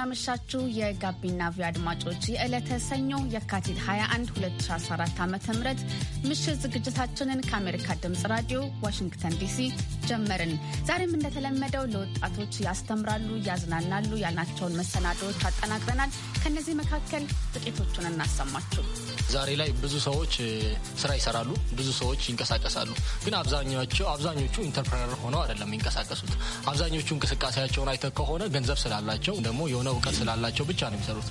እንደምናመሻችሁ የጋቢና ቪ አድማጮች የዕለተ ሰኞ የካቲት 21 2014 ዓ ም ምሽት ዝግጅታችንን ከአሜሪካ ድምፅ ራዲዮ ዋሽንግተን ዲሲ ጀመርን። ዛሬም እንደተለመደው ለወጣቶች ያስተምራሉ፣ ያዝናናሉ ያልናቸውን መሰናዶዎች አጠናቅረናል። ከእነዚህ መካከል ጥቂቶቹን እናሰማችሁ። ዛሬ ላይ ብዙ ሰዎች ስራ ይሰራሉ፣ ብዙ ሰዎች ይንቀሳቀሳሉ። ግን አብዛኛቸው አብዛኞቹ ኢንተርፕረነር ሆነው አይደለም የሚንቀሳቀሱት። አብዛኞቹ እንቅስቃሴያቸውን አይተ ከሆነ ገንዘብ ስላላቸው ደግሞ የሆነ እውቀት ስላላቸው ብቻ ነው የሚሰሩት።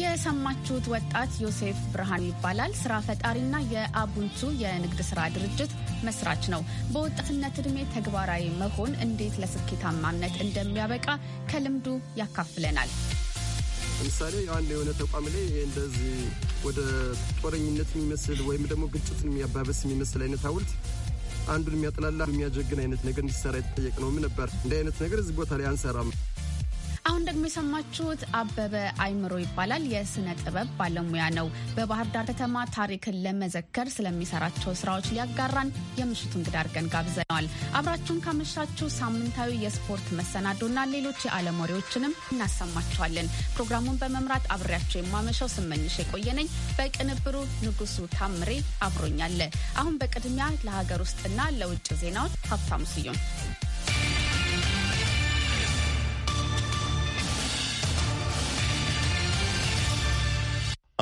የሰማችሁት ወጣት ዮሴፍ ብርሃን ይባላል። ስራ ፈጣሪና የአቡንቱ የንግድ ስራ ድርጅት መስራች ነው። በወጣትነት እድሜ ተግባራዊ መሆን እንዴት ለስኬታማነት እንደሚያበቃ ከልምዱ ያካፍለናል። ለምሳሌ አንድ የሆነ ተቋም ላይ እንደዚህ ወደ ጦረኝነት የሚመስል ወይም ደግሞ ግጭትን የሚያባበስ የሚመስል አይነት ሐውልት አንዱን የሚያጥላላ የሚያጀግን አይነት ነገር እንዲሰራ የተጠየቅ ነው። ምን ነበር እንዲህ አይነት ነገር እዚህ ቦታ ላይ አንሰራም። አሁን ደግሞ የሰማችሁት አበበ አይምሮ ይባላል። የስነ ጥበብ ባለሙያ ነው። በባህር ዳር ከተማ ታሪክን ለመዘከር ስለሚሰራቸው ስራዎች ሊያጋራን የምሽቱ እንግዳ አድርገን ጋብዘነዋል። አብራችሁን ካመሻችሁ ሳምንታዊ የስፖርት መሰናዶና ሌሎች የዓለም ወሬዎችንም እናሰማችኋለን። ፕሮግራሙን በመምራት አብሬያቸው የማመሸው ስመኝሽ የቆየነኝ፣ በቅንብሩ ንጉሱ ታምሬ አብሮኛለ። አሁን በቅድሚያ ለሀገር ውስጥና ለውጭ ዜናዎች ሀብታሙ ስዩም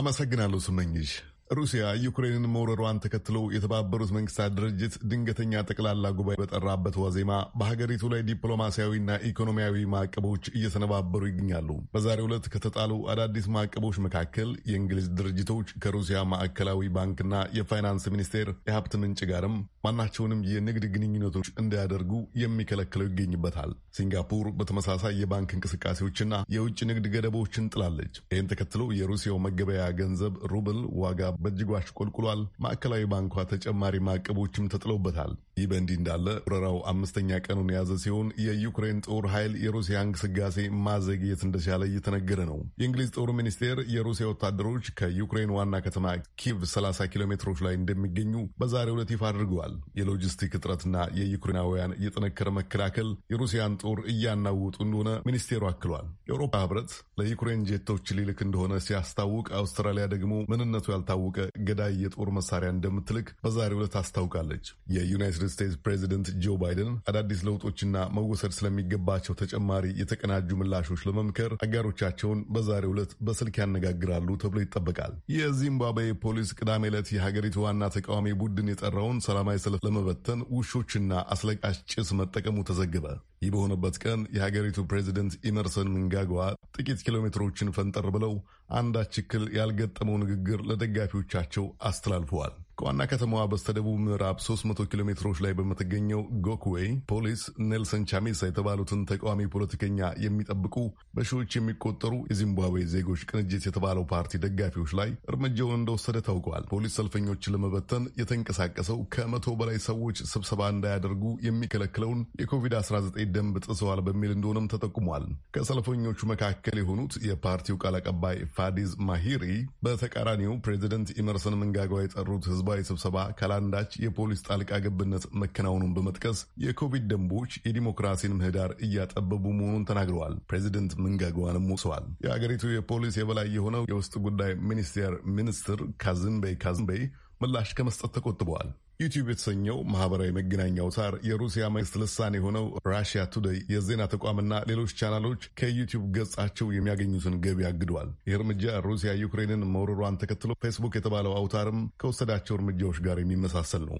አመሰግናለሁ ስመኝሽ። ሩሲያ ዩክሬንን መውረሯን ተከትሎ የተባበሩት መንግስታት ድርጅት ድንገተኛ ጠቅላላ ጉባኤ በጠራበት ዋዜማ በሀገሪቱ ላይ ዲፕሎማሲያዊና ኢኮኖሚያዊ ማዕቀቦች እየተነባበሩ ይገኛሉ። በዛሬው ዕለት ከተጣሉ አዳዲስ ማዕቀቦች መካከል የእንግሊዝ ድርጅቶች ከሩሲያ ማዕከላዊ ባንክና የፋይናንስ ሚኒስቴር የሀብት ምንጭ ጋርም ማናቸውንም የንግድ ግንኙነቶች እንዳያደርጉ የሚከለክለው ይገኝበታል። ሲንጋፖር በተመሳሳይ የባንክ እንቅስቃሴዎችና የውጭ ንግድ ገደቦችን ጥላለች። ይህን ተከትሎ የሩሲያው መገበያ ገንዘብ ሩብል ዋጋ በእጅጉ አሽቆልቁሏል። ማዕከላዊ ባንኳ ተጨማሪ ማዕቀቦችም ተጥለውበታል። ይህ በእንዲህ እንዳለ ወረራው አምስተኛ ቀኑን የያዘ ሲሆን የዩክሬን ጦር ኃይል የሩሲያን ግስጋሴ ማዘግየት እንደቻለ እየተነገረ ነው። የእንግሊዝ ጦር ሚኒስቴር የሩሲያ ወታደሮች ከዩክሬን ዋና ከተማ ኪቭ 30 ኪሎ ሜትሮች ላይ እንደሚገኙ በዛሬው ዕለት ይፋ አድርገዋል። የሎጂስቲክ እጥረትና የዩክሬናውያን እየጠነከረ መከላከል የሩሲያን ጦር እያናወጡ እንደሆነ ሚኒስቴሩ አክሏል። የአውሮፓ ህብረት ለዩክሬን ጄቶች ሊልክ እንደሆነ ሲያስታውቅ፣ አውስትራሊያ ደግሞ ምንነቱ ያልታወቀ ገዳይ የጦር መሳሪያ እንደምትልክ በዛሬው ዕለት አስታውቃለች። የዩናይትድ የዩናይትድ ስቴትስ ፕሬዚደንት ጆ ባይደን አዳዲስ ለውጦችና መወሰድ ስለሚገባቸው ተጨማሪ የተቀናጁ ምላሾች ለመምከር አጋሮቻቸውን በዛሬ ዕለት በስልክ ያነጋግራሉ ተብሎ ይጠበቃል። የዚምባብዌ ፖሊስ ቅዳሜ ዕለት የሀገሪቱ ዋና ተቃዋሚ ቡድን የጠራውን ሰላማዊ ሰልፍ ለመበተን ውሾችና አስለቃሽ ጭስ መጠቀሙ ተዘግበ። ይህ በሆነበት ቀን የሀገሪቱ ፕሬዚደንት ኢመርሰን ምንጋጓ ጥቂት ኪሎሜትሮችን ፈንጠር ብለው አንዳች እክል ያልገጠመው ንግግር ለደጋፊዎቻቸው አስተላልፈዋል። ከዋና ከተማዋ በስተደቡብ ምዕራብ 300 ኪሎ ሜትሮች ላይ በምትገኘው ጎክዌይ ፖሊስ ኔልሰን ቻሜሳ የተባሉትን ተቃዋሚ ፖለቲከኛ የሚጠብቁ በሺዎች የሚቆጠሩ የዚምባብዌ ዜጎች ቅንጅት የተባለው ፓርቲ ደጋፊዎች ላይ እርምጃውን እንደወሰደ ታውቋል። ፖሊስ ሰልፈኞችን ለመበተን የተንቀሳቀሰው ከመቶ በላይ ሰዎች ስብሰባ እንዳያደርጉ የሚከለክለውን የኮቪድ-19 ደንብ ጥሰዋል በሚል እንደሆነም ተጠቁሟል። ከሰልፈኞቹ መካከል የሆኑት የፓርቲው ቃል አቀባይ ፋዲዝ ማሂሪ በተቃራኒው ፕሬዚደንት ኢመርሰን ምንጋጓ የጠሩት ህዝብ ህዝባዊ ስብሰባ ካላንዳች የፖሊስ ጣልቃ ገብነት መከናወኑን በመጥቀስ የኮቪድ ደንቦች የዲሞክራሲን ምህዳር እያጠበቡ መሆኑን ተናግረዋል። ፕሬዚደንት ምንጋግዋንም ወቅሰዋል። የአገሪቱ የፖሊስ የበላይ የሆነው የውስጥ ጉዳይ ሚኒስቴር ሚኒስትር ካዝንቤይ ካዝንቤይ ምላሽ ከመስጠት ተቆጥበዋል። ዩቲዩብ የተሰኘው ማህበራዊ መገናኛ አውታር የሩሲያ መንግስት ልሳን የሆነው ራሽያ ቱደይ የዜና ተቋምና ሌሎች ቻናሎች ከዩቲዩብ ገጻቸው የሚያገኙትን ገቢ አግደዋል። ይህ እርምጃ ሩሲያ ዩክሬንን መውረሯን ተከትሎ ፌስቡክ የተባለው አውታርም ከወሰዳቸው እርምጃዎች ጋር የሚመሳሰል ነው።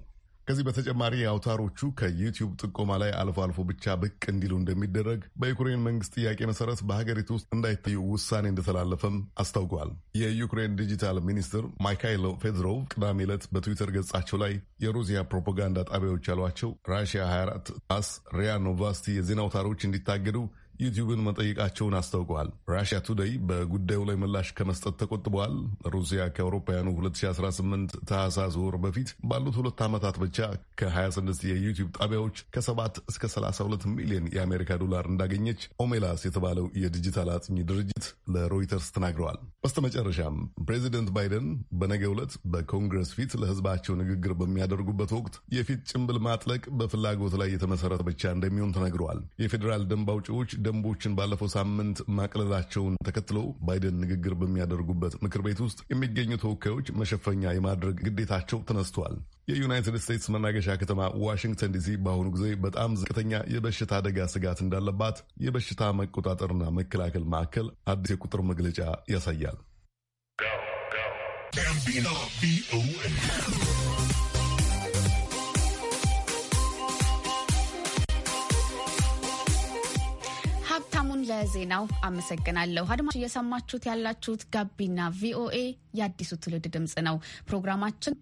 ከዚህ በተጨማሪ አውታሮቹ ከዩቲዩብ ጥቆማ ላይ አልፎ አልፎ ብቻ ብቅ እንዲሉ እንደሚደረግ በዩክሬን መንግስት ጥያቄ መሰረት በሀገሪቱ ውስጥ እንዳይታዩ ውሳኔ እንደተላለፈም አስታውቀዋል። የዩክሬን ዲጂታል ሚኒስትር ማይካይሎ ፌድሮቭ ቅዳሜ ዕለት በትዊተር ገጻቸው ላይ የሩሲያ ፕሮፓጋንዳ ጣቢያዎች ያሏቸው ራሽያ 24 ፓስ፣ ሪያ ኖቫስቲ የዜና አውታሮች እንዲታገዱ ዩቲዩብን መጠየቃቸውን አስታውቀዋል። ራሽያ ቱደይ በጉዳዩ ላይ ምላሽ ከመስጠት ተቆጥበዋል። ሩሲያ ከአውሮፓውያኑ 2018 ታህሳስ ወር በፊት ባሉት ሁለት ዓመታት ብቻ ከ26 የዩቲዩብ ጣቢያዎች ከ7 እስከ 32 ሚሊዮን የአሜሪካ ዶላር እንዳገኘች ኦሜላስ የተባለው የዲጂታል አጥኚ ድርጅት ለሮይተርስ ተናግረዋል። በስተመጨረሻም ፕሬዚደንት ባይደን በነገ ዕለት በኮንግረስ ፊት ለህዝባቸው ንግግር በሚያደርጉበት ወቅት የፊት ጭንብል ማጥለቅ በፍላጎት ላይ የተመሰረተ ብቻ እንደሚሆን ተነግረዋል። የፌዴራል ደንብ አውጪዎች ደንቦችን ባለፈው ሳምንት ማቅለላቸውን ተከትሎ ባይደን ንግግር በሚያደርጉበት ምክር ቤት ውስጥ የሚገኙ ተወካዮች መሸፈኛ የማድረግ ግዴታቸው ተነስቷል። የዩናይትድ ስቴትስ መናገሻ ከተማ ዋሽንግተን ዲሲ በአሁኑ ጊዜ በጣም ዝቅተኛ የበሽታ አደጋ ስጋት እንዳለባት የበሽታ መቆጣጠርና መከላከል ማዕከል አዲስ የቁጥር መግለጫ ያሳያል። ለዜናው አመሰግናለሁ። አድማጭ እየሰማችሁት ያላችሁት ጋቢና ቪኦኤ የአዲሱ ትውልድ ድምጽ ነው። ፕሮግራማችን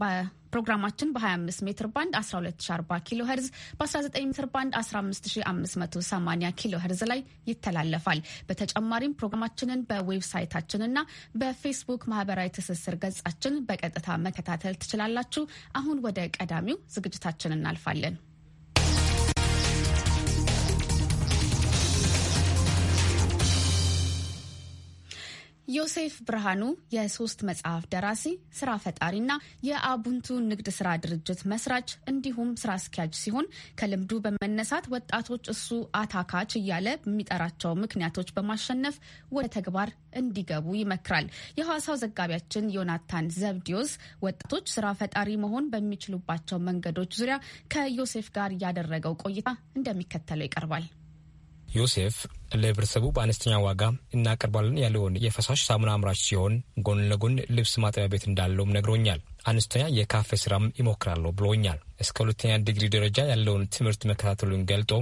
በ ፕሮግራማችን በ25 ሜትር ባንድ 1240 ኪሎ ሄርዝ በ19 ሜትር ባንድ 15580 ኪሎ ሄርዝ ላይ ይተላለፋል። በተጨማሪም ፕሮግራማችንን በዌብሳይታችንና በፌስቡክ ማህበራዊ ትስስር ገጻችን በቀጥታ መከታተል ትችላላችሁ። አሁን ወደ ቀዳሚው ዝግጅታችን እናልፋለን። ዮሴፍ ብርሃኑ የሶስት መጽሐፍ ደራሲ ስራ ፈጣሪና የአቡንቱ ንግድ ስራ ድርጅት መስራች እንዲሁም ስራ አስኪያጅ ሲሆን ከልምዱ በመነሳት ወጣቶች እሱ አታካች እያለ የሚጠራቸው ምክንያቶች በማሸነፍ ወደ ተግባር እንዲገቡ ይመክራል። የሐዋሳው ዘጋቢያችን ዮናታን ዘብዲዮስ ወጣቶች ስራ ፈጣሪ መሆን በሚችሉባቸው መንገዶች ዙሪያ ከዮሴፍ ጋር ያደረገው ቆይታ እንደሚከተለው ይቀርባል። ዮሴፍ ለህብረተሰቡ በአነስተኛ ዋጋ እናቀርባለን ያለውን የፈሳሽ ሳሙና አምራች ሲሆን ጎን ለጎን ልብስ ማጠቢያ ቤት እንዳለውም ነግሮኛል። አነስተኛ የካፌ ስራም ይሞክራለ ብሎኛል። እስከ ሁለተኛ ዲግሪ ደረጃ ያለውን ትምህርት መከታተሉን ገልጦ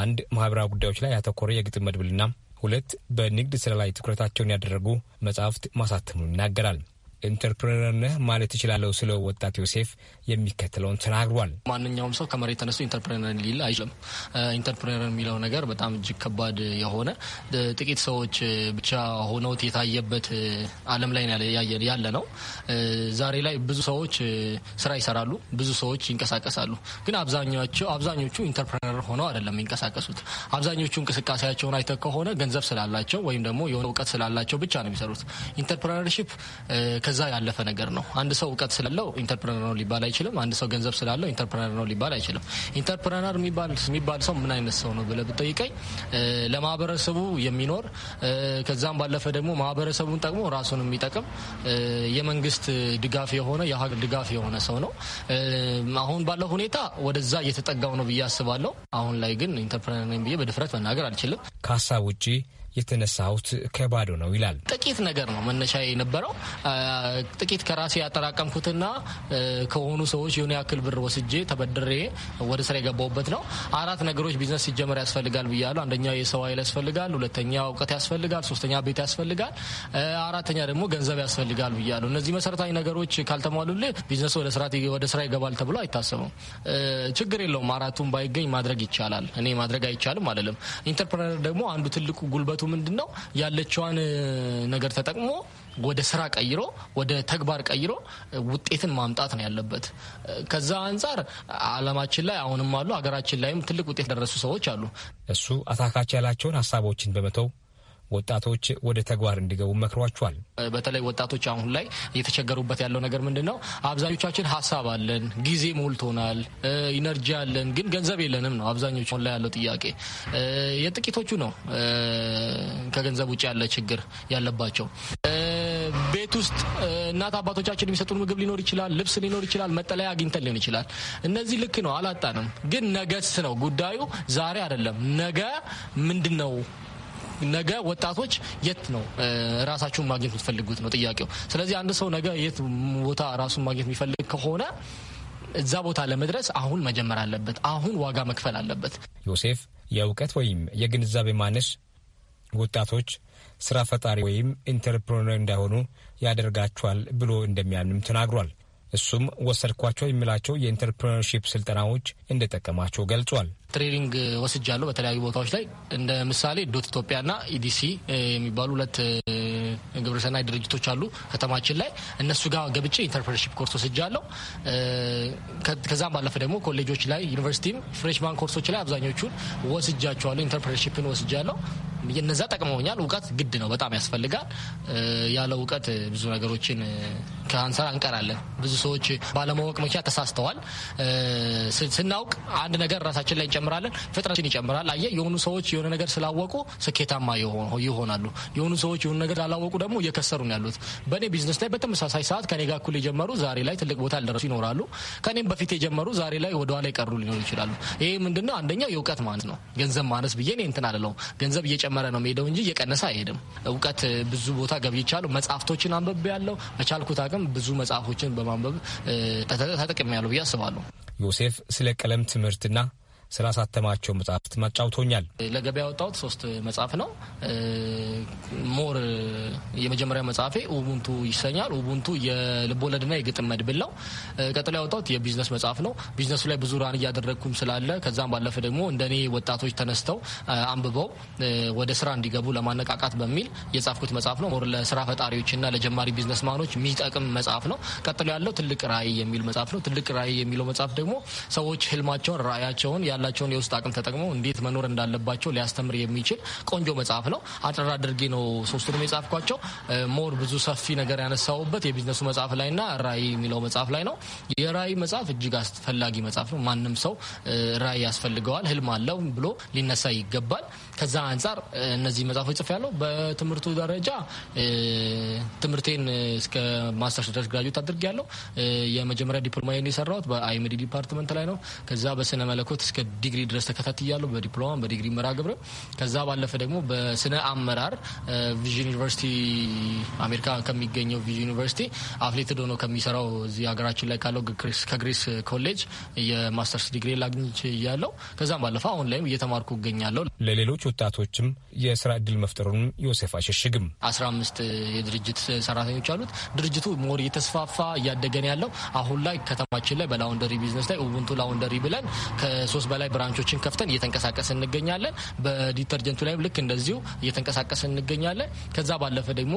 አንድ ማህበራዊ ጉዳዮች ላይ ያተኮረ የግጥም መድብልና ሁለት በንግድ ስራ ላይ ትኩረታቸውን ያደረጉ መጽሐፍት ማሳተሙን ይናገራል። ኢንተርፕሬነር ነህ ማለት እችላለሁ ስለ ወጣት ዮሴፍ የሚከተለውን ተናግሯል። ማንኛውም ሰው ከመሬት ተነስቶ ኢንተርፕሬነር ሊል አይችልም። ኢንተርፕሬነር የሚለው ነገር በጣም እጅግ ከባድ የሆነ ጥቂት ሰዎች ብቻ ሆነውት የታየበት ዓለም ላይ ያለ ነው። ዛሬ ላይ ብዙ ሰዎች ስራ ይሰራሉ፣ ብዙ ሰዎች ይንቀሳቀሳሉ። ግን አብዛኞቹ ኢንተርፕሬነር ሆነው አይደለም የሚንቀሳቀሱት። አብዛኞቹ እንቅስቃሴያቸውን አይተ ከሆነ ገንዘብ ስላላቸው ወይም ደግሞ የሆነ እውቀት ስላላቸው ብቻ ነው የሚሰሩት ኢንተርፕሬነርሺፕ ከዛ ያለፈ ነገር ነው። አንድ ሰው እውቀት ስላለው ኢንተርፕረነር ነው ሊባል አይችልም። አንድ ሰው ገንዘብ ስላለው ኢንተርፕረነር ነው ሊባል አይችልም። ኢንተርፕረነር የሚባል ሰው ምን አይነት ሰው ነው ብለህ ብጠይቀኝ ለማህበረሰቡ የሚኖር ከዛም ባለፈ ደግሞ ማህበረሰቡን ጠቅሞ ራሱን የሚጠቅም የመንግስት ድጋፍ የሆነ የሀገር ድጋፍ የሆነ ሰው ነው። አሁን ባለው ሁኔታ ወደዛ እየተጠጋው ነው ብዬ አስባለሁ። አሁን ላይ ግን ኢንተርፕረነር ነኝ ብዬ በድፍረት መናገር አልችልም። ከሀሳብ ውጭ የተነሳሁት ከባዶ ነው ይላል። ጥቂት ነገር ነው መነሻ የነበረው ጥቂት ከራሴ ያጠራቀምኩትና ከሆኑ ሰዎች የሆነ ያክል ብር ወስጄ ተበድሬ ወደ ስራ የገባሁበት ነው። አራት ነገሮች ቢዝነስ ሲጀመር ያስፈልጋል ብያለሁ። አንደኛ የሰው ኃይል ያስፈልጋል፣ ሁለተኛ እውቀት ያስፈልጋል፣ ሶስተኛ ቤት ያስፈልጋል፣ አራተኛ ደግሞ ገንዘብ ያስፈልጋል ብያለሁ። እነዚህ መሰረታዊ ነገሮች ካልተሟሉልህ ቢዝነሱ ወደ ስራ ይገባል ተብሎ አይታሰብም። ችግር የለውም አራቱን ባይገኝ ማድረግ ይቻላል። እኔ ማድረግ አይቻልም አይደለም። ኢንተርፕረነር ደግሞ አንዱ ትልቁ ጉልበቱ ምንድን ነው ያለችዋን ነገር ተጠቅሞ ወደ ስራ ቀይሮ ወደ ተግባር ቀይሮ ውጤትን ማምጣት ነው ያለበት። ከዛ አንጻር አለማችን ላይ አሁንም አሉ፣ ሀገራችን ላይም ትልቅ ውጤት ደረሱ ሰዎች አሉ። እሱ አታካች ያላቸውን ሀሳቦችን በመተው ወጣቶች ወደ ተግባር እንዲገቡ መክሯቸዋል። በተለይ ወጣቶች አሁን ላይ እየተቸገሩበት ያለው ነገር ምንድን ነው? አብዛኞቻችን ሀሳብ አለን፣ ጊዜ ሞልቶናል፣ ኢነርጂ አለን፣ ግን ገንዘብ የለንም ነው አብዛኞቹ ላይ ያለው ጥያቄ። የጥቂቶቹ ነው ከገንዘብ ውጭ ያለ ችግር ያለባቸው። ቤት ውስጥ እናት አባቶቻችን የሚሰጡን ምግብ ሊኖር ይችላል፣ ልብስ ሊኖር ይችላል፣ መጠለያ አግኝተን ሊሆን ይችላል። እነዚህ ልክ ነው፣ አላጣንም። ግን ነገስ ነው ጉዳዩ፣ ዛሬ አይደለም። ነገ ምንድን ነው ነገ ወጣቶች የት ነው ራሳችሁን ማግኘት የምትፈልጉት ነው ጥያቄው። ስለዚህ አንድ ሰው ነገ የት ቦታ ራሱን ማግኘት የሚፈልግ ከሆነ እዛ ቦታ ለመድረስ አሁን መጀመር አለበት። አሁን ዋጋ መክፈል አለበት። ዮሴፍ የእውቀት ወይም የግንዛቤ ማነስ ወጣቶች ስራ ፈጣሪ ወይም ኢንተርፕሮነር እንዳይሆኑ ያደርጋቸዋል ብሎ እንደሚያምንም ተናግሯል። እሱም ወሰድኳቸው የሚላቸው የኢንተርፕረነርሺፕ ስልጠናዎች እንደጠቀማቸው ገልጿል። ትሬኒንግ ወስጃለሁ በተለያዩ ቦታዎች ላይ እንደ ምሳሌ ዶት ኢትዮጵያና ኢዲሲ የሚባሉ ሁለት ግብረሰናይ ድርጅቶች አሉ ከተማችን ላይ። እነሱ ጋር ገብቼ ኢንተርፕረነርሺፕ ኮርስ ወስጃለሁ። ከዛም ባለፈ ደግሞ ኮሌጆች ላይ ዩኒቨርሲቲም ፍሬሽማን ኮርሶች ላይ አብዛኞቹን ወስጃቸዋለሁ። ኢንተርፕረነርሺፕን ወስጃለሁ። እነዛ ጠቅመውኛል። እውቀት ግድ ነው፣ በጣም ያስፈልጋል። ያለ እውቀት ብዙ ነገሮችን ከአንሰራ እንቀራለን። ብዙ ሰዎች ባለማወቅ ምክንያት ተሳስተዋል። ስናውቅ አንድ ነገር ራሳችን ላይ እንጨምራለን፣ ፍጥረትን ይጨምራል። አየ የሆኑ ሰዎች የሆነ ነገር ስላወቁ ስኬታማ ይሆናሉ። የሆኑ ሰዎች የሆኑ ነገር ላላወቁ ደግሞ እየከሰሩ ነው ያሉት። በእኔ ቢዝነስ ላይ በተመሳሳይ ሰዓት ከኔ ጋር እኩል የጀመሩ ዛሬ ላይ ትልቅ ቦታ ያልደረሱ ይኖራሉ። ከኔም በፊት የጀመሩ ዛሬ ላይ ወደኋላ የቀሩ ሊኖሩ ይችላሉ። ይሄ ምንድነው? አንደኛው የእውቀት ማነት ነው። ገንዘብ ማነስ ብዬ እኔ እንትን ገንዘብ እየጨመረ እየጨመረ ነው የሚሄደው እንጂ እየቀነሰ አይሄድም። እውቀት ብዙ ቦታ ገብይቻለሁ። መጽሐፍቶችን አንበብ ያለው በቻልኩት አቅም ብዙ መጽሐፎችን በማንበብ ተጠቅሜያለሁ ብዬ አስባለሁ። ዮሴፍ ስለ ቀለም ትምህርትና ስላሳተማቸው መጽሐፍት መጫውቶኛል። ለገበያ ያወጣሁት ሶስት መጽሐፍ ነው። ሞር የመጀመሪያ መጽሐፌ ኡቡንቱ ይሰኛል። ኡቡንቱ የልቦለድና የግጥም መድብል ነው። ቀጥሎ ያወጣሁት የቢዝነስ መጽሐፍ ነው። ቢዝነሱ ላይ ብዙ ራን እያደረግኩም ስላለ ከዛም ባለፈ ደግሞ እንደኔ ወጣቶች ተነስተው አንብበው ወደ ስራ እንዲገቡ ለማነቃቃት በሚል የጻፍኩት መጽሐፍ ነው። ሞር ለስራ ፈጣሪዎችና ለጀማሪ ቢዝነስ ማኖች የሚጠቅም መጽሐፍ ነው። ቀጥሎ ያለው ትልቅ ራዕይ የሚል መጽሐፍ ነው። ትልቅ ራዕይ የሚለው መጽሐፍ ደግሞ ሰዎች ህልማቸውን ራዕያቸውን ያለ ያላቸውን የውስጥ አቅም ተጠቅመው እንዴት መኖር እንዳለባቸው ሊያስተምር የሚችል ቆንጆ መጽሐፍ ነው። አጠር አድርጌ ነው ሶስቱንም የጻፍኳቸው። ሞር ብዙ ሰፊ ነገር ያነሳውበት የቢዝነሱ መጽሐፍ ላይና ራይ የሚለው መጽሐፍ ላይ ነው። የራይ መጽሐፍ እጅግ አስፈላጊ መጽሐፍ ነው። ማንም ሰው ራይ ያስፈልገዋል፣ ህልም አለው ብሎ ሊነሳ ይገባል። ከዛ አንጻር እነዚህ መጽሐፎች ጽፍ ያለው በትምህርቱ ደረጃ ትምህርቴን እስከ ማስተርስ ድረስ ግራጁዌት አድርግ ያለው የመጀመሪያ ዲፕሎማዬን የሰራሁት በአይምዲ ዲፓርትመንት ላይ ነው። ከዛ በስነ መለኮት እስከ ዲግሪ ድረስ ተከታትያለሁ በዲፕሎማ በዲግሪ መርሃ ግብር። ከዛ ባለፈ ደግሞ በስነ አመራር ቪዥን ዩኒቨርሲቲ አሜሪካ ከሚገኘው ቪዥን ዩኒቨርሲቲ አፍሌትድ ሆኖ ከሚሰራው እዚህ ሀገራችን ላይ ካለው ከግሪስ ኮሌጅ የማስተርስ ዲግሪ ላግኝች ያለው። ከዛም ባለፈ አሁን ላይም እየተማርኩ እገኛለሁ። ለሌሎች ወጣቶችም የስራ እድል መፍጠሩን ዮሴፍ አሸሽግም አስራ አምስት የድርጅት ሰራተኞች አሉት። ድርጅቱ ሞር እየተስፋፋ እያደገን ያለው አሁን ላይ ከተማችን ላይ በላውንደሪ ቢዝነስ ላይ ኡቡንቱ ላውንደሪ ብለን ከሶስት በላይ ብራንቾችን ከፍተን እየተንቀሳቀስ እንገኛለን። በዲተርጀንቱ ላይም ልክ እንደዚሁ እየተንቀሳቀስ እንገኛለን። ከዛ ባለፈ ደግሞ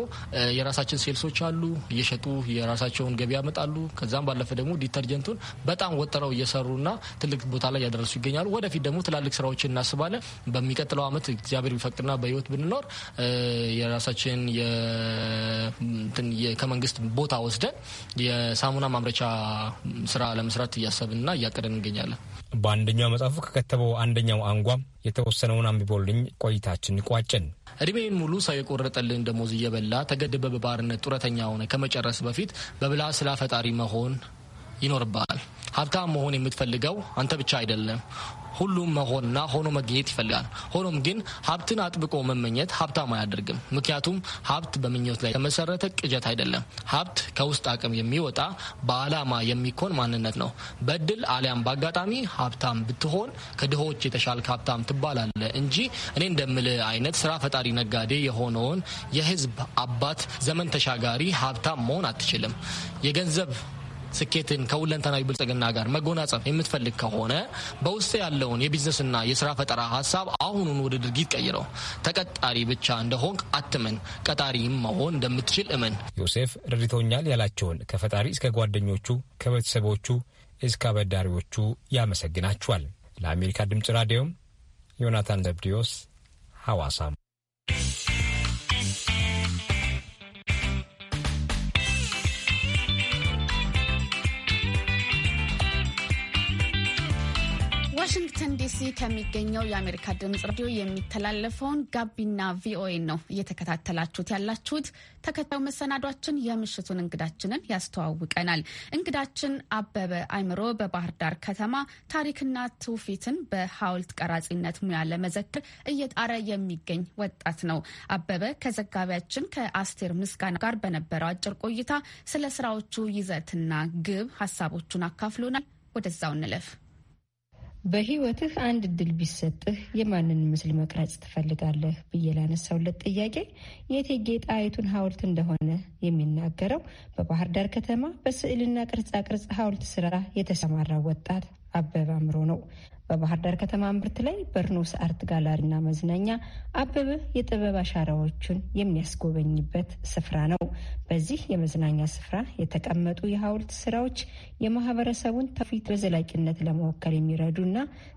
የራሳችን ሴልሶች አሉ፣ እየሸጡ የራሳቸውን ገቢ ያመጣሉ። ከዛም ባለፈ ደግሞ ዲተርጀንቱን በጣም ወጥረው እየሰሩና ትልቅ ቦታ ላይ ያደረሱ ይገኛሉ። ወደፊት ደግሞ ትላልቅ ስራዎችን እናስባለን በሚቀጥለው ዓመት እግዚአብሔር ቢፈቅድና በህይወት ብንኖር የራሳችን ከመንግስት ቦታ ወስደን የሳሙና ማምረቻ ስራ ለመስራት እያሰብንና እያቀደን እንገኛለን። በአንደኛው መጽሐፉ ከከተበው አንደኛው አንጓም የተወሰነውን አንብቦልኝ ቆይታችን ቋጭን። እድሜን ሙሉ ሰው የቆረጠልን ደሞዝ እየበላ ተገድበ በባርነት ጡረተኛ ሆነ ከመጨረስ በፊት በብላ ስላ ፈጣሪ መሆን ይኖርብሃል። ሀብታም መሆን የምትፈልገው አንተ ብቻ አይደለም። ሁሉም መሆንና ሆኖ መገኘት ይፈልጋል። ሆኖም ግን ሀብትን አጥብቆ መመኘት ሀብታም አያደርግም። ምክንያቱም ሀብት በምኞት ላይ የተመሰረተ ቅጀት አይደለም። ሀብት ከውስጥ አቅም የሚወጣ በዓላማ የሚኮን ማንነት ነው። በድል አሊያም በአጋጣሚ ሀብታም ብትሆን ከድሆች የተሻልክ ሀብታም ትባላለ እንጂ እኔ እንደምል አይነት ስራ ፈጣሪ ነጋዴ የሆነውን የህዝብ አባት ዘመን ተሻጋሪ ሀብታም መሆን አትችልም። የገንዘብ ስኬትን ከሁለንተናዊ ብልጽግና ጋር መጎናጸፍ የምትፈልግ ከሆነ በውስጥ ያለውን የቢዝነስና የስራ ፈጠራ ሀሳብ አሁኑን ወደ ድርጊት ቀይረው። ተቀጣሪ ብቻ እንደሆንክ አትመን፣ ቀጣሪ መሆን እንደምትችል እመን። ዮሴፍ ረድቶኛል ያላቸውን ከፈጣሪ እስከ ጓደኞቹ ከቤተሰቦቹ እስከ አበዳሪዎቹ ያመሰግናችኋል። ለአሜሪካ ድምፅ ራዲዮም ዮናታን ዘብዲዮስ ሐዋሳም ዋሽንግተን ዲሲ ከሚገኘው የአሜሪካ ድምጽ ሬዲዮ የሚተላለፈውን ጋቢና ቪኦኤ ነው እየተከታተላችሁት ያላችሁት። ተከታዩ መሰናዷችን የምሽቱን እንግዳችንን ያስተዋውቀናል። እንግዳችን አበበ አይምሮ በባህር ዳር ከተማ ታሪክና ትውፊትን በሐውልት ቀራጺነት ሙያ ለመዘክር እየጣረ የሚገኝ ወጣት ነው። አበበ ከዘጋቢያችን ከአስቴር ምስጋና ጋር በነበረው አጭር ቆይታ ስለ ስራዎቹ ይዘትና ግብ ሀሳቦቹን አካፍሎናል። ወደዛው እንለፍ። በህይወትህ አንድ እድል ቢሰጥህ የማንን ምስል መቅረጽ ትፈልጋለህ ብዬ ላነሳውለት ጥያቄ የእቴጌ ጣይቱን ሐውልት እንደሆነ የሚናገረው በባህር ዳር ከተማ በስዕልና ቅርጻቅርጽ ሀውልት ሐውልት ስራ የተሰማራ ወጣት አበበ አምሮ ነው። በባህር ዳር ከተማ እምብርት ላይ በርኖስ አርት ጋላሪና መዝናኛ አበበ የጥበብ አሻራዎቹን የሚያስጎበኝበት ስፍራ ነው። በዚህ የመዝናኛ ስፍራ የተቀመጡ የሐውልት ስራዎች የማህበረሰቡን ተፊት በዘላቂነት ለመወከል የሚረዱና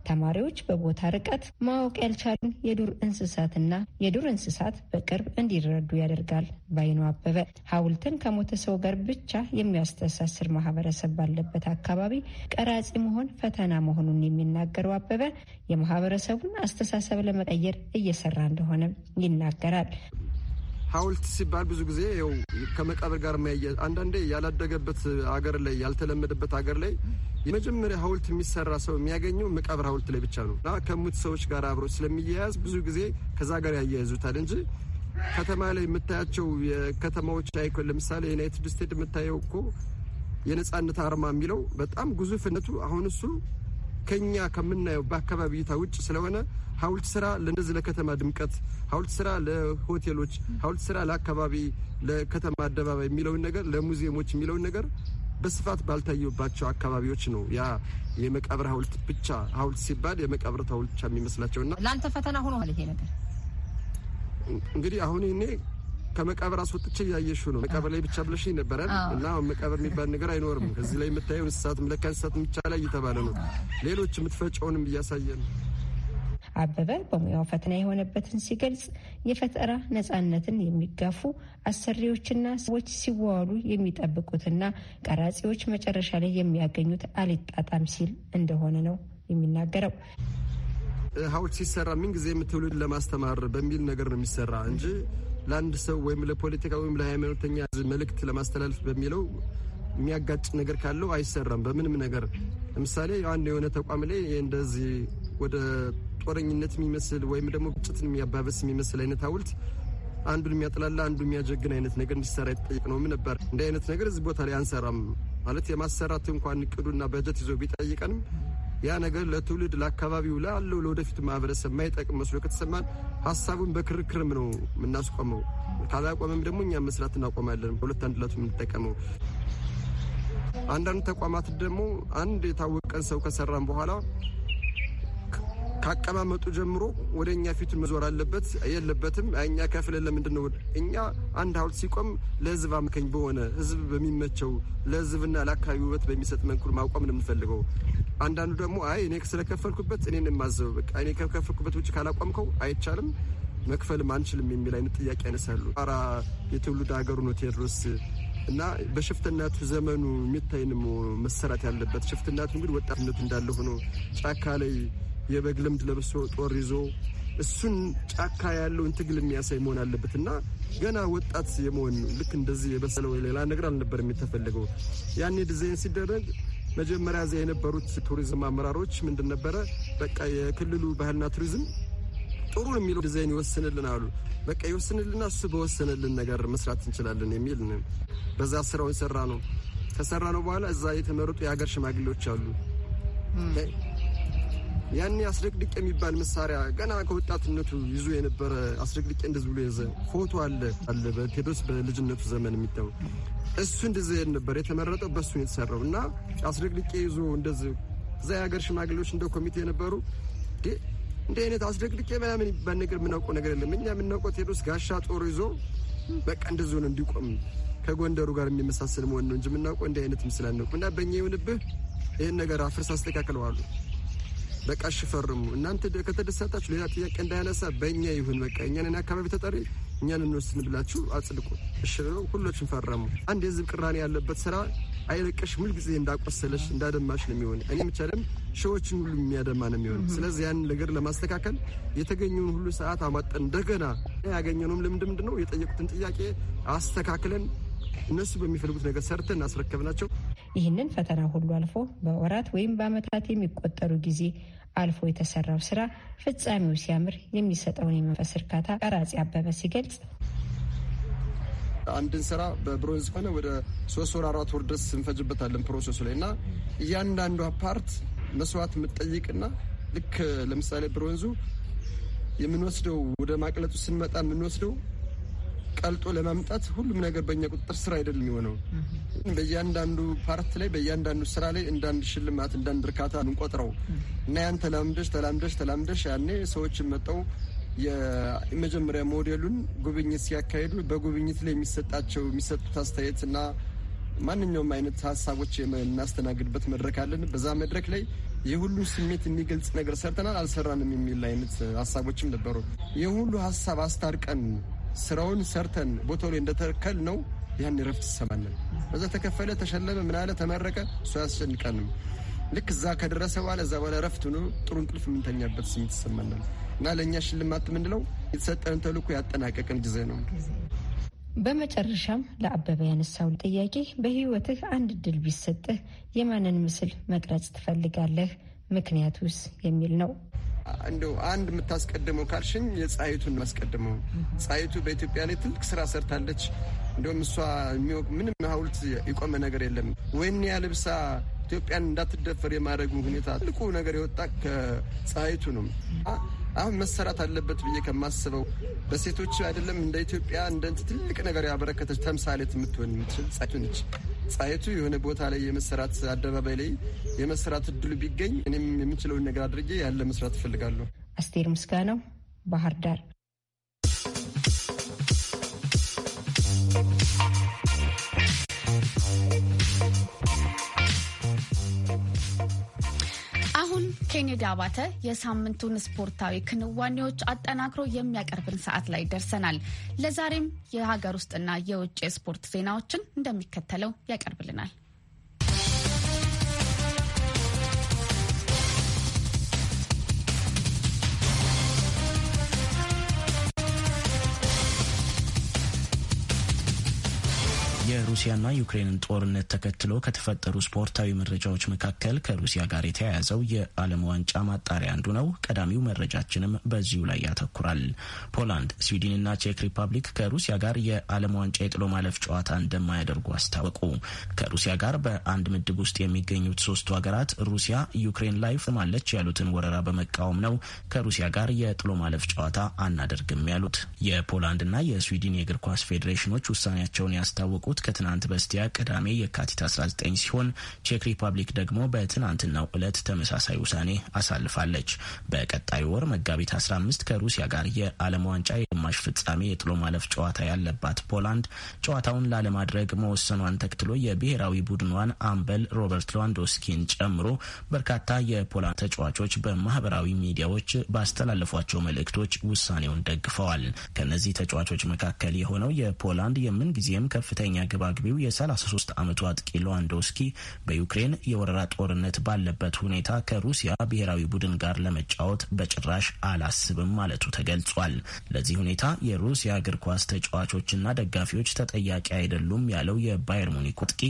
ተማሪዎች በቦታ ርቀት ማወቅ ያልቻሉን የዱር እንስሳትና የዱር እንስሳት በቅርብ እንዲረዱ ያደርጋል ባይኖ አበበ ሐውልትን ከሞተ ሰው ጋር ብቻ የሚያስተሳስር ማህበረሰብ ባለበት አካባቢ ቀራጺ መሆን ፈተና መሆኑን የሚናገር የተናገረው አበበ የማህበረሰቡን አስተሳሰብ ለመቀየር እየሰራ እንደሆነ ይናገራል። ሐውልት ሲባል ብዙ ጊዜ ው ከመቃብር ጋር የሚያያዝ አንዳንዴ ያላደገበት አገር ላይ ያልተለመደበት ሀገር ላይ የመጀመሪያ ሐውልት የሚሰራ ሰው የሚያገኘው መቃብር ሐውልት ላይ ብቻ ነው ከሙት ሰዎች ጋር አብሮ ስለሚያያዝ ብዙ ጊዜ ከዛ ጋር ያያይዙታል እንጂ ከተማ ላይ የምታያቸው የከተማዎች አይኮን ለምሳሌ ዩናይትድ ስቴትስ የምታየው እኮ የነጻነት አርማ የሚለው በጣም ግዙፍነቱ አሁን እሱ ከኛ ከምናየው በአካባቢ እይታ ውጭ ስለሆነ ሀውልት ስራ ለነዚህ ለከተማ ድምቀት፣ ሀውልት ስራ ለሆቴሎች፣ ሀውልት ስራ ለአካባቢ ለከተማ አደባባይ የሚለውን ነገር ለሙዚየሞች የሚለውን ነገር በስፋት ባልታየባቸው አካባቢዎች ነው ያ የመቃብር ሀውልት ብቻ ሀውልት ሲባል የመቃብር ሀውልት ብቻ የሚመስላቸውና ለአንተ ፈተና ሆኖ ይሄ ነገር እንግዲህ አሁን እኔ ከመቃብር አስወጥቼ እያየሽው ነው። መቃብር ላይ ብቻ ብለሽ ነበረን እና አሁን መቃብር የሚባል ነገር አይኖርም። እዚህ ላይ የምታየው እንስሳት ለካ እንስሳት ብቻ ላይ እየተባለ ነው። ሌሎች የምትፈጨውንም ነው። አበበ በሙያው ፈተና የሆነበትን ሲገልጽ የፈጠራ ነፃነትን የሚጋፉ አሰሪዎችና ሰዎች ሲዋሉ የሚጠብቁትና ቀራጺዎች መጨረሻ ላይ የሚያገኙት አልጣጣም ሲል እንደሆነ ነው የሚናገረው። ሀውልት ሲሰራ ምን ጊዜ የምትውልድ ለማስተማር በሚል ነገር ነው የሚሰራ እንጂ ለአንድ ሰው ወይም ለፖለቲካ ወይም ለሃይማኖተኛ መልእክት ለማስተላለፍ በሚለው የሚያጋጭ ነገር ካለው አይሰራም። በምንም ነገር ለምሳሌ አንድ የሆነ ተቋም ላይ እንደዚህ ወደ ጦረኝነት የሚመስል ወይም ደግሞ ግጭትን የሚያባበስ የሚመስል አይነት ሀውልት አንዱን የሚያጥላላ አንዱ የሚያጀግን አይነት ነገር እንዲሰራ የተጠየቅ ነው ምን ነበር እንዲህ አይነት ነገር እዚህ ቦታ ላይ አንሰራም ማለት የማሰራት እንኳን እቅዱና በጀት ይዞ ቢጠይቀንም ያ ነገር ለትውልድ ለአካባቢው ላለው ለወደፊት ማህበረሰብ ማይጠቅም መስሎ ከተሰማን ሀሳቡን በክርክርም ነው የምናስቆመው። ካላቆመም ደግሞ እኛ መስራት እናቆማለን። ሁለት አንድ ለቱ የምንጠቀመው አንዳንድ ተቋማት ደግሞ አንድ የታወቀን ሰው ከሰራን በኋላ ካቀማመጡ ጀምሮ ወደ እኛ ፊቱ መዞር አለበት የለበትም። እኛ ከፍለን ለምንድን ነው እኛ አንድ ሀውልት ሲቆም ለህዝብ አምከኝ በሆነ ህዝብ በሚመቸው ለህዝብና ለአካባቢ ውበት በሚሰጥ መንኩል ማቆም ነው የምንፈልገው። አንዳንዱ ደግሞ አይ እኔ ስለከፈልኩበት እኔን የማዘበው በቃ እኔ ከከፈልኩበት ውጭ ካላቋምከው አይቻልም መክፈልም አንችልም የሚል አይነት ጥያቄ ያነሳሉ። አራ የትውልድ ሀገሩ ነው ቴዎድሮስ እና በሽፍትነቱ ዘመኑ የሚታይንም መሰራት ያለበት ሽፍትነቱ እንግዲህ ወጣትነቱ እንዳለ ሆኖ ጫካ ላይ የበግ ልምድ ለብሶ ጦር ይዞ እሱን ጫካ ያለውን ትግል የሚያሳይ መሆን አለበት እና ገና ወጣት የመሆን ልክ እንደዚህ የበሰለ ወይ ሌላ ነገር አልነበር የሚተፈለገው። ያኔ ዲዛይን ሲደረግ መጀመሪያ እዚያ የነበሩት ቱሪዝም አመራሮች ምንድን ነበረ በቃ የክልሉ ባህልና ቱሪዝም ጥሩ የሚለው ዲዛይን ይወስንልን አሉ። በቃ ይወስንልና እሱ በወሰንልን ነገር መስራት እንችላለን የሚል በዛ ስራውን ሰራ ነው። ከሰራ ነው በኋላ እዛ የተመረጡ የሀገር ሽማግሌዎች አሉ ያኔ አስደቅድቅ የሚባል መሳሪያ ገና ከወጣትነቱ ይዞ የነበረ አስደቅድቅ እንደዚ ብሎ የዘ ፎቶ አለ አለ በቴዎድሮስ በልጅነቱ ዘመን የሚታወቅ እሱ እንደዚ ነበር የተመረጠው በእሱ የተሰራው እና አስደቅድቄ ይዞ እንደዚ እዛ የሀገር ሽማግሌዎች እንደ ኮሚቴ የነበሩ እንደ አይነት አስደቅድቄ ምናምን ይባል ነገር የምናውቀው ነገር የለም። እኛ የምናውቀው ቴዎድሮስ ጋሻ ጦሩ ይዞ በቃ እንደዚ ሆነ እንዲቆም ከጎንደሩ ጋር የሚመሳሰል መሆን ነው እንጂ የምናውቀው እንደ አይነት ምስል አናውቅም። እና በእኛ ይሁንብህ ይህን ነገር አፍርስ አስተካክለዋሉ በቃ ሽፈርሙ እናንተ ከተደሰታችሁ ሌላ ጥያቄ እንዳያነሳ በእኛ ይሁን በቃ እኛን አካባቢ ተጠሪ እኛን እንወስን ብላችሁ አጽድቁ። እሺ ብለው ሁሎችን ፈረሙ። አንድ የህዝብ ቅራኔ ያለበት ስራ አይለቀሽ ሁልጊዜ እንዳቆሰለሽ እንዳደማሽ ነው የሚሆን። እኔ ምቻለም ሸዎችን ሁሉ የሚያደማ ነው የሚሆን። ስለዚህ ያን ነገር ለማስተካከል የተገኘውን ሁሉ ሰዓት አሟጠን እንደገና ያገኘነውም ልምድ ምንድን ነው የጠየቁትን ጥያቄ አስተካክለን እነሱ በሚፈልጉት ነገር ሰርተን እናስረከብናቸው። ይህንን ፈተና ሁሉ አልፎ በወራት ወይም በዓመታት የሚቆጠሩ ጊዜ አልፎ የተሰራው ስራ ፍጻሜው ሲያምር የሚሰጠውን የመንፈስ እርካታ ቀራጺ አበበ ሲገልጽ አንድን ስራ በብሮንዝ ከሆነ ወደ ሶስት ወር አራት ወር ድረስ እንፈጅበታለን ፕሮሰሱ ላይ እና እያንዳንዷ ፓርት መስዋዕት የምጠይቅና ልክ ለምሳሌ ብሮንዙ የምንወስደው ወደ ማቅለጡ ስንመጣ የምንወስደው ቀልጦ ለማምጣት ሁሉም ነገር በእኛ ቁጥጥር ስር አይደለም የሆነው። በእያንዳንዱ ፓርት ላይ በእያንዳንዱ ስራ ላይ እንዳንድ ሽልማት እንዳንድ እርካታ እንቆጥረው እና ያን ተላምደሽ ተላምደሽ ተላምደሽ ያኔ ሰዎች መጠው የመጀመሪያ ሞዴሉን ጉብኝት ሲያካሄዱ በጉብኝት ላይ የሚሰጣቸው የሚሰጡት አስተያየት እና ማንኛውም አይነት ሀሳቦች የምናስተናግድበት መድረክ አለን። በዛ መድረክ ላይ የሁሉ ስሜት የሚገልጽ ነገር ሰርተናል፣ አልሰራንም የሚል አይነት ሀሳቦችም ነበሩ። የሁሉ ሀሳብ አስታርቀን ስራውን ሰርተን ቦታው ላይ እንደተከል ነው ያን ረፍት ይሰማናል። በዛ ተከፈለ፣ ተሸለመ፣ ምናለ፣ ተመረቀ እሱ ያስጨንቀንም ልክ እዛ ከደረሰ በኋላ እዛ በኋላ ረፍት ሆኖ ጥሩ እንቅልፍ የምንተኛበት ስሜት ይሰማናል። እና ለእኛ ሽልማት ምንለው የተሰጠን ተልእኮ ያጠናቀቅን ጊዜ ነው። በመጨረሻም ለአበበ ያነሳው ጥያቄ በህይወትህ አንድ ድል ቢሰጥህ የማንን ምስል መቅረጽ ትፈልጋለህ? ምክንያቱስ? የሚል ነው። እንደው አንድ የምታስቀድመው ካልሽኝ የፀሐይቱን ማስቀድመው። ፀሐይቱ በኢትዮጵያ ላይ ትልቅ ስራ ሰርታለች። እንደውም እሷ ምንም ሀውልት የቆመ ነገር የለም። ወይኔ ያልብሳ ኢትዮጵያን እንዳትደፈር የማድረጉ ሁኔታ ትልቁ ነገር የወጣ ከፀሐይቱ ነው። አሁን መሰራት አለበት ብዬ ከማስበው በሴቶች አይደለም እንደ ኢትዮጵያ እንደ ትልቅ ነገር ያበረከተች ተምሳሌት የምትሆን የምትችል ፀሐይቱ ነች። ፀሐይቱ የሆነ ቦታ ላይ የመሰራት አደባባይ ላይ የመሰራት እድሉ ቢገኝ እኔም የምችለውን ነገር አድርጌ ያለ መስራት እፈልጋለሁ። አስቴር ምስጋናው ባህር ዳር። Thank you. ኬኔዲ አባተ የሳምንቱን ስፖርታዊ ክንዋኔዎች አጠናክሮ የሚያቀርብን ሰዓት ላይ ደርሰናል። ለዛሬም የሀገር ውስጥና የውጭ የስፖርት ዜናዎችን እንደሚከተለው ያቀርብልናል። የሩሲያና ዩክሬንን ጦርነት ተከትሎ ከተፈጠሩ ስፖርታዊ መረጃዎች መካከል ከሩሲያ ጋር የተያያዘው የዓለም ዋንጫ ማጣሪያ አንዱ ነው። ቀዳሚው መረጃችንም በዚሁ ላይ ያተኩራል። ፖላንድ፣ ስዊድንና ቼክ ሪፐብሊክ ከሩሲያ ጋር የዓለም ዋንጫ የጥሎ ማለፍ ጨዋታ እንደማያደርጉ አስታወቁ። ከሩሲያ ጋር በአንድ ምድብ ውስጥ የሚገኙት ሶስቱ ሀገራት ሩሲያ ዩክሬን ላይ ፍማለች ያሉትን ወረራ በመቃወም ነው ከሩሲያ ጋር የጥሎ ማለፍ ጨዋታ አናደርግም ያሉት። የፖላንድና የስዊድን የእግር ኳስ ፌዴሬሽኖች ውሳኔያቸውን ያስታወቁት ከትናንት በስቲያ ቅዳሜ የካቲት 19 ሲሆን ቼክ ሪፐብሊክ ደግሞ በትናንትናው ዕለት ተመሳሳይ ውሳኔ አሳልፋለች። በቀጣይ ወር መጋቢት 15 ከሩሲያ ጋር የዓለም ዋንጫ የግማሽ ፍጻሜ የጥሎ ማለፍ ጨዋታ ያለባት ፖላንድ ጨዋታውን ላለማድረግ መወሰኗን ተከትሎ የብሔራዊ ቡድኗን አምበል ሮበርት ሌዋንዶውስኪን ጨምሮ በርካታ የፖላንድ ተጫዋቾች በማህበራዊ ሚዲያዎች ባስተላለፏቸው መልእክቶች ውሳኔውን ደግፈዋል። ከነዚህ ተጫዋቾች መካከል የሆነው የፖላንድ የምንጊዜም ከፍተኛ ግብ አግቢው የ33 ዓመቱ አጥቂ ሎዋንዶስኪ በዩክሬን የወረራ ጦርነት ባለበት ሁኔታ ከሩሲያ ብሔራዊ ቡድን ጋር ለመጫወት በጭራሽ አላስብም ማለቱ ተገልጿል። ለዚህ ሁኔታ የሩሲያ እግር ኳስ ተጫዋቾችና ደጋፊዎች ተጠያቂ አይደሉም ያለው የባየር ሙኒክ አጥቂ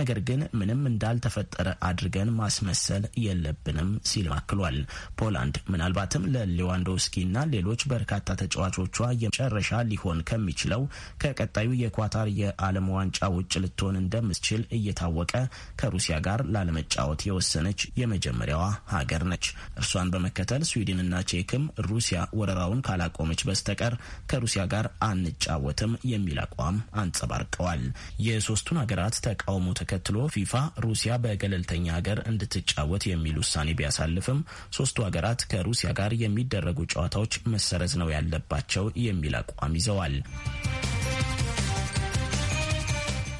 ነገር ግን ምንም እንዳልተፈጠረ አድርገን ማስመሰል የለብንም ሲል አክሏል። ፖላንድ ምናልባትም ለሌዋንዶውስኪና ሌሎች በርካታ ተጫዋቾቿ የመጨረሻ ሊሆን ከሚችለው ከቀጣዩ የኳታር የዓለም ዋ ዋንጫ ውጭ ልትሆን እንደምትችል እየታወቀ ከሩሲያ ጋር ላለመጫወት የወሰነች የመጀመሪያዋ ሀገር ነች። እርሷን በመከተል ስዊድንና ቼክም ሩሲያ ወረራውን ካላቆመች በስተቀር ከሩሲያ ጋር አንጫወትም የሚል አቋም አንጸባርቀዋል። የሶስቱን ሀገራት ተቃውሞ ተከትሎ ፊፋ ሩሲያ በገለልተኛ ሀገር እንድትጫወት የሚል ውሳኔ ቢያሳልፍም ሶስቱ ሀገራት ከሩሲያ ጋር የሚደረጉ ጨዋታዎች መሰረዝ ነው ያለባቸው የሚል አቋም ይዘዋል።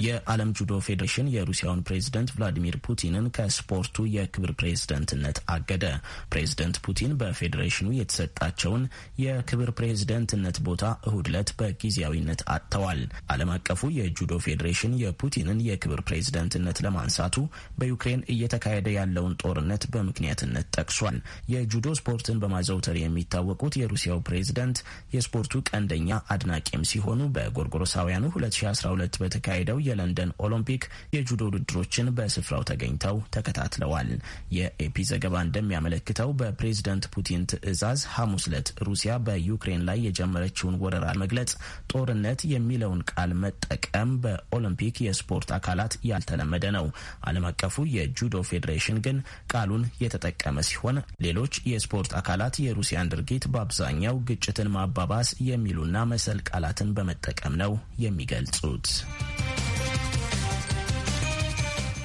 የዓለም ጁዶ ፌዴሬሽን የሩሲያውን ፕሬዝደንት ቭላዲሚር ፑቲንን ከስፖርቱ የክብር ፕሬዝደንትነት አገደ። ፕሬዝደንት ፑቲን በፌዴሬሽኑ የተሰጣቸውን የክብር ፕሬዝደንትነት ቦታ እሁድ ዕለት በጊዜያዊነት አጥተዋል። ዓለም አቀፉ የጁዶ ፌዴሬሽን የፑቲንን የክብር ፕሬዝደንትነት ለማንሳቱ በዩክሬን እየተካሄደ ያለውን ጦርነት በምክንያትነት ጠቅሷል። የጁዶ ስፖርትን በማዘውተር የሚታወቁት የሩሲያው ፕሬዝደንት የስፖርቱ ቀንደኛ አድናቂም ሲሆኑ በጎርጎሮሳውያኑ 2012 በተካሄደው የለንደን ኦሎምፒክ የጁዶ ውድድሮችን በስፍራው ተገኝተው ተከታትለዋል። የኤፒ ዘገባ እንደሚያመለክተው በፕሬዝደንት ፑቲን ትዕዛዝ ሐሙስ ዕለት ሩሲያ በዩክሬን ላይ የጀመረችውን ወረራ መግለጽ ጦርነት የሚለውን ቃል መጠቀም በኦሎምፒክ የስፖርት አካላት ያልተለመደ ነው። ዓለም አቀፉ የጁዶ ፌዴሬሽን ግን ቃሉን የተጠቀመ ሲሆን ሌሎች የስፖርት አካላት የሩሲያን ድርጊት በአብዛኛው ግጭትን ማባባስ የሚሉና መሰል ቃላትን በመጠቀም ነው የሚገልጹት።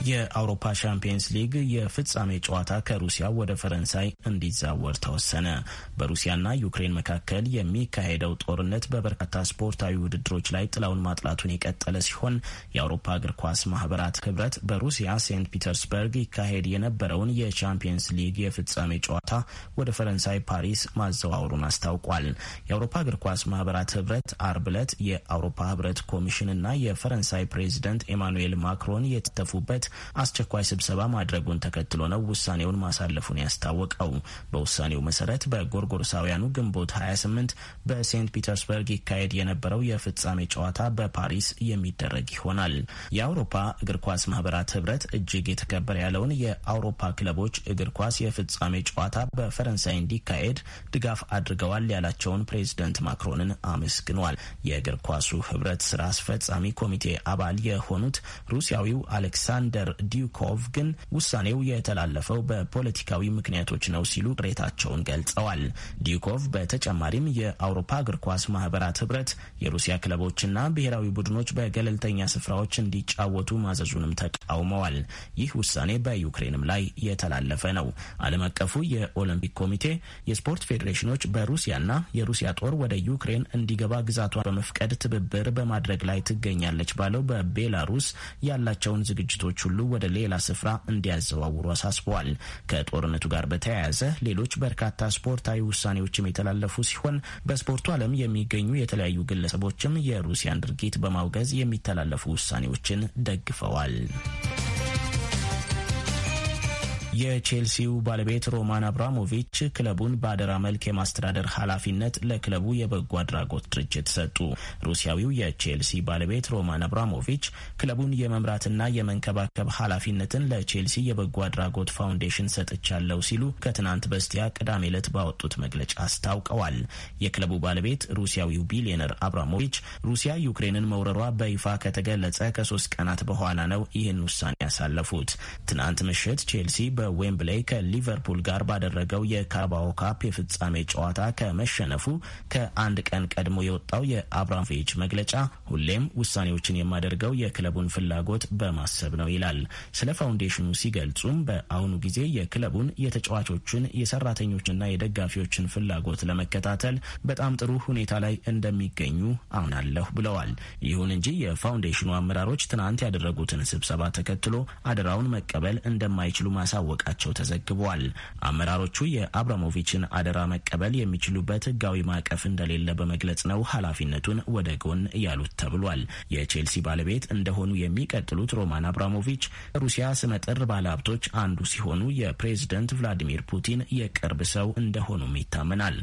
የአውሮፓ ሻምፒየንስ ሊግ የፍጻሜ ጨዋታ ከሩሲያ ወደ ፈረንሳይ እንዲዛወር ተወሰነ። በሩሲያና ዩክሬን መካከል የሚካሄደው ጦርነት በበርካታ ስፖርታዊ ውድድሮች ላይ ጥላውን ማጥላቱን የቀጠለ ሲሆን የአውሮፓ እግር ኳስ ማህበራት ህብረት በሩሲያ ሴንት ፒተርስበርግ ይካሄድ የነበረውን የቻምፒየንስ ሊግ የፍጻሜ ጨዋታ ወደ ፈረንሳይ ፓሪስ ማዘዋወሩን አስታውቋል። የአውሮፓ እግር ኳስ ማህበራት ህብረት አርብ ዕለት የአውሮፓ ህብረት ኮሚሽንና የፈረንሳይ ፕሬዚደንት ኤማኑኤል ማክሮን የተተፉበት አስቸኳይ ስብሰባ ማድረጉን ተከትሎ ነው ውሳኔውን ማሳለፉን ያስታወቀው። በውሳኔው መሰረት በጎርጎርሳውያኑ ግንቦት 28 በሴንት ፒተርስበርግ ይካሄድ የነበረው የፍጻሜ ጨዋታ በፓሪስ የሚደረግ ይሆናል። የአውሮፓ እግር ኳስ ማህበራት ህብረት እጅግ የተከበረ ያለውን የአውሮፓ ክለቦች እግር ኳስ የፍጻሜ ጨዋታ በፈረንሳይ እንዲካሄድ ድጋፍ አድርገዋል ያላቸውን ፕሬዚደንት ማክሮንን አመስግኗል። የእግር ኳሱ ህብረት ስራ አስፈጻሚ ኮሚቴ አባል የሆኑት ሩሲያዊው አሌክሳንደር አምባሳደር ዲዩኮቭ ግን ውሳኔው የተላለፈው በፖለቲካዊ ምክንያቶች ነው ሲሉ ቅሬታቸውን ገልጸዋል። ዲኮቭ በተጨማሪም የአውሮፓ እግር ኳስ ማህበራት ህብረት የሩሲያ ክለቦችና ብሔራዊ ቡድኖች በገለልተኛ ስፍራዎች እንዲጫወቱ ማዘዙንም ተቃውመዋል። ይህ ውሳኔ በዩክሬንም ላይ የተላለፈ ነው። ዓለም አቀፉ የኦሎምፒክ ኮሚቴ የስፖርት ፌዴሬሽኖች በሩሲያና የሩሲያ ጦር ወደ ዩክሬን እንዲገባ ግዛቷ በመፍቀድ ትብብር በማድረግ ላይ ትገኛለች ባለው በቤላሩስ ያላቸውን ዝግጅቶች ሁሉ ወደ ሌላ ስፍራ እንዲያዘዋውሩ አሳስበዋል። ከጦርነቱ ጋር በተያያዘ ሌሎች በርካታ ስፖርታዊ ውሳኔዎችም የተላለፉ ሲሆን በስፖርቱ ዓለም የሚገኙ የተለያዩ ግለሰቦችም የሩሲያን ድርጊት በማውገዝ የሚተላለፉ ውሳኔዎችን ደግፈዋል። የቼልሲው ባለቤት ሮማን አብራሞቪች ክለቡን በአደራ መልክ የማስተዳደር ኃላፊነት ለክለቡ የበጎ አድራጎት ድርጅት ሰጡ። ሩሲያዊው የቼልሲ ባለቤት ሮማን አብራሞቪች ክለቡን የመምራትና የመንከባከብ ኃላፊነትን ለቼልሲ የበጎ አድራጎት ፋውንዴሽን ሰጥቻለሁ ሲሉ ከትናንት በስቲያ ቅዳሜ ዕለት ባወጡት መግለጫ አስታውቀዋል። የክለቡ ባለቤት ሩሲያዊው ቢሊዮነር አብራሞቪች ሩሲያ ዩክሬንን መውረሯ በይፋ ከተገለጸ ከሶስት ቀናት በኋላ ነው ይህን ውሳኔ ያሳለፉት። ትናንት ምሽት ቼልሲ በዌምብሌይ ከሊቨርፑል ጋር ባደረገው የካራባኦ ካፕ የፍጻሜ ጨዋታ ከመሸነፉ ከአንድ ቀን ቀድሞ የወጣው የአብራሞቪች መግለጫ ሁሌም ውሳኔዎችን የማደርገው የክለቡን ፍላጎት በማሰብ ነው ይላል። ስለ ፋውንዴሽኑ ሲገልጹም በአሁኑ ጊዜ የክለቡን የተጫዋቾችን፣ የሰራተኞችና የደጋፊዎችን ፍላጎት ለመከታተል በጣም ጥሩ ሁኔታ ላይ እንደሚገኙ አምናለሁ ብለዋል። ይሁን እንጂ የፋውንዴሽኑ አመራሮች ትናንት ያደረጉትን ስብሰባ ተከትሎ አደራውን መቀበል እንደማይችሉ ማሳወ ማሳወቃቸው ተዘግቧል። አመራሮቹ የአብራሞቪችን አደራ መቀበል የሚችሉበት ህጋዊ ማዕቀፍ እንደሌለ በመግለጽ ነው ኃላፊነቱን ወደ ጎን ያሉት ተብሏል። የቼልሲ ባለቤት እንደሆኑ የሚቀጥሉት ሮማን አብራሞቪች ሩሲያ ስመጥር ባለሀብቶች አንዱ ሲሆኑ የፕሬዝደንት ቭላዲሚር ፑቲን የቅርብ ሰው እንደሆኑም ይታመናል።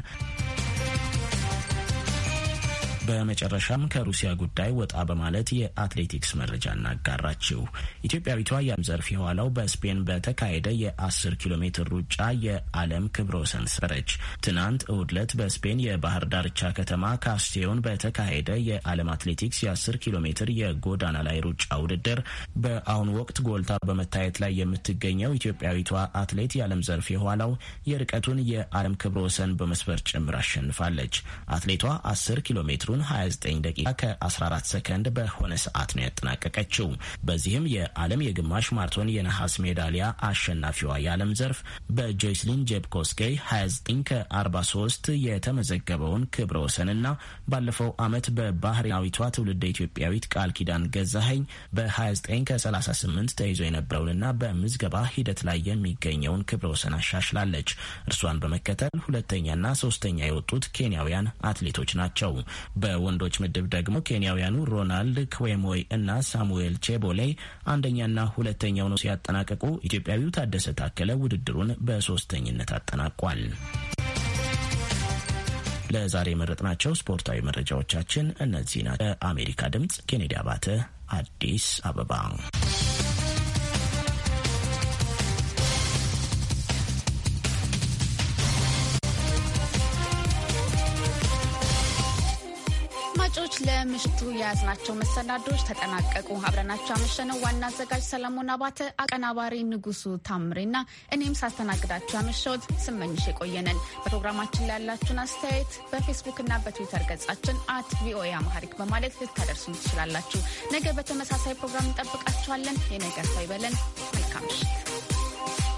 በመጨረሻም ከሩሲያ ጉዳይ ወጣ በማለት የአትሌቲክስ መረጃ እናጋራችሁ። ኢትዮጵያዊቷ ዘርፍ የኋላው በስፔን በተካሄደ የ10 ኪሎ ሜትር ሩጫ የዓለም ክብረ ወሰን ሰበረች። ትናንት እሁድ ዕለት በስፔን የባህር ዳርቻ ከተማ ካስቴዮን በተካሄደ የዓለም አትሌቲክስ የ10 ኪሎ ሜትር የጎዳና ላይ ሩጫ ውድድር በአሁኑ ወቅት ጎልታ በመታየት ላይ የምትገኘው ኢትዮጵያዊቷ አትሌት የዓለም ዘርፍ የኋላው የርቀቱን የዓለም ክብረ ወሰን በመስበር ጭምር አሸንፋለች። አትሌቷ 10 ኪሎ ሜትሩን ቀሪውን 29 ደቂቃ ከ14 ሰከንድ በሆነ ሰዓት ነው ያጠናቀቀችው። በዚህም የዓለም የግማሽ ማርቶን የነሐስ ሜዳሊያ አሸናፊዋ የዓለም ዘርፍ በጆይስሊን ጄፕኮስኬ 29 ከ43 የተመዘገበውን ክብረ ወሰንና ባለፈው ዓመት በባህሬናዊቷ ትውልደ ኢትዮጵያዊት ቃል ኪዳን ገዛኸኝ በ29 ከ38 ተይዞ የነበረውንና በምዝገባ ሂደት ላይ የሚገኘውን ክብረ ወሰን አሻሽላለች። እርሷን በመከተል ሁለተኛና ሶስተኛ የወጡት ኬንያውያን አትሌቶች ናቸው። በወንዶች ምድብ ደግሞ ኬንያውያኑ ሮናልድ ክዌሞይ እና ሳሙኤል ቼቦሌ አንደኛና ሁለተኛው ነው ሲያጠናቀቁ፣ ኢትዮጵያዊው ታደሰ ታከለ ውድድሩን በሶስተኝነት አጠናቋል። ለዛሬ የመረጥናቸው ስፖርታዊ መረጃዎቻችን እነዚህ ናቸው። ለአሜሪካ ድምፅ ኬኔዲ አባተ አዲስ አበባ ለምሽቱ የያዝናቸው መሰናዶች ተጠናቀቁ። አብረናቸው ያመሸነው ዋና አዘጋጅ ሰለሞን አባተ፣ አቀናባሪ ንጉሱ ታምሬና እኔም ሳስተናግዳችሁ ያመሸሁት ስመኝሽ የቆየነን። በፕሮግራማችን ላይ ያላችሁን አስተያየት በፌስቡክና በትዊተር ገጻችን አት ቪኦኤ አማሪክ በማለት ልታደርሱን ትችላላችሁ። ነገ በተመሳሳይ ፕሮግራም እንጠብቃችኋለን። የነገ ሳይበለን መልካም ምሽት።